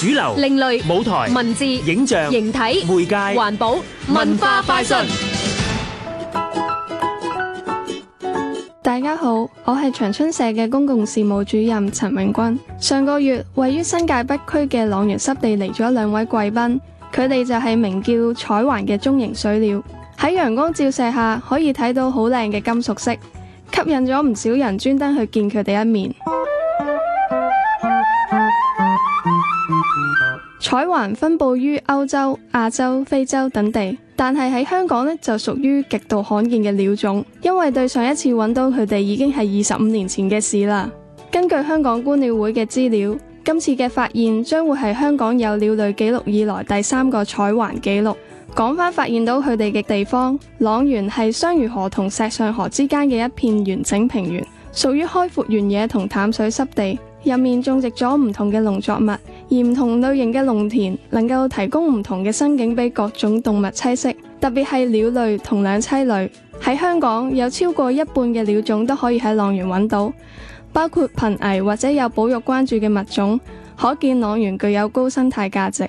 主流、另類舞台、文字、影像、形體、媒介、環保、文化快訊。大家好，我係長春社嘅公共事務主任陳永軍。上個月，位於新界北區嘅塱原濕地嚟咗兩位貴賓，佢哋就係名叫彩鹮嘅中型水鳥。喺陽光照射下，可以睇到好靚嘅金屬色，吸引咗唔少人專登去見佢哋一面。彩環分布於歐洲、亞洲、非洲等地，但係喺香港呢就屬於極度罕見嘅鳥種，因為對上一次揾到佢哋已經係二十五年前嘅事啦。根據香港觀鳥會嘅資料，今次嘅發現將會係香港有鳥類記錄以來第三個彩環記錄。講翻發現到佢哋嘅地方，塱原係雙魚河同石上河之間嘅一片完整平原，屬於開闊原野同淡水濕地，入面種植咗唔同嘅農作物。而唔同類型嘅農田能夠提供唔同嘅生境俾各種動物棲息，特別係鳥類同兩棲類。喺香港有超過一半嘅鳥種都可以喺塱原揾到，包括瀕危或者有保育關注嘅物種，可見塱原具有高生態價值。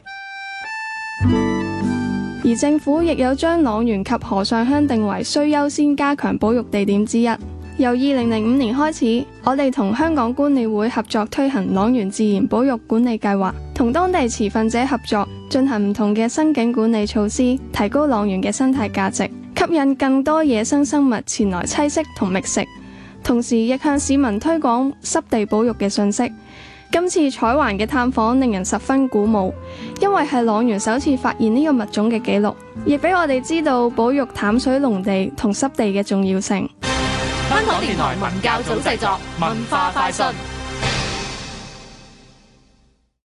而政府亦有將塱原及河上鄉定為需優先加強保育地點之一。由二零零五年開始，我哋同香港觀鳥會合作推行塱原自然保育管理計劃，同當地持份者合作進行唔同嘅生境管理措施，提高塱原嘅生態價值，吸引更多野生生物前來棲息同覓食。同時亦向市民推廣濕地保育嘅信息。今次彩環嘅探訪令人十分鼓舞，因為係塱原首次發現呢個物種嘅記錄，亦俾我哋知道保育淡水農地同濕地嘅重要性。香港電台文教組製作，文，作文化快訊。